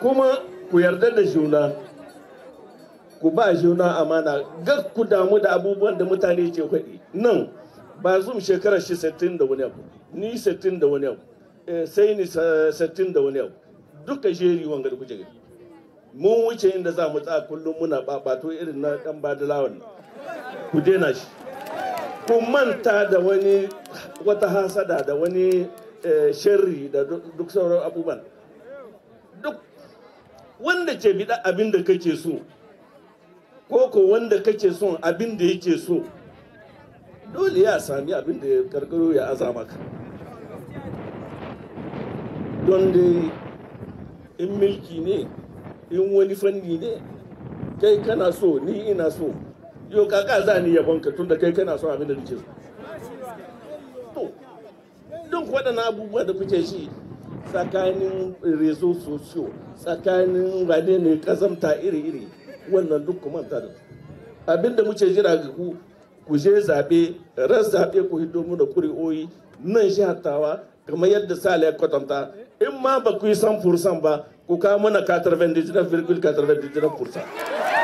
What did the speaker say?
kuma ku yarda da juna ku ba juna amana ga ku damu da abubuwan da mutane ke faɗi nan ba zum shekarar shi sattin da wani abu ni sattin da wani abu eh, sai ni sattin da wani abu duka jeri wangar kuke gari mun wuce inda za mu tsaka kullum muna babato irin na dan badalawan ku daina shi ku manta da wani wata hasada da wani eh, sharri da duk sauran abubuwan wanda ke bida abin da kake so ko ko wanda kake son abin da yake so dole ya sami abin da ya karkaro ya aza maka don dai in milki ne in wani fanni ne kai kana so ni ina so yau kaka za ni yabon ka tunda kai kana so abin da nake so don duk waɗannan abubuwa da kuke shi tsakanin rezo sosiyo tsakanin wane ne kazamta iri-iri wannan duk kuma da abinda da muke jira ga ku ku je zaɓe ran zaɓe ku hiddo muna ƙuri'oyi nan shi hattawa kamar yadda sale ya kwatanta in ma ba ku yi san fursan ba ku kawo mana fursan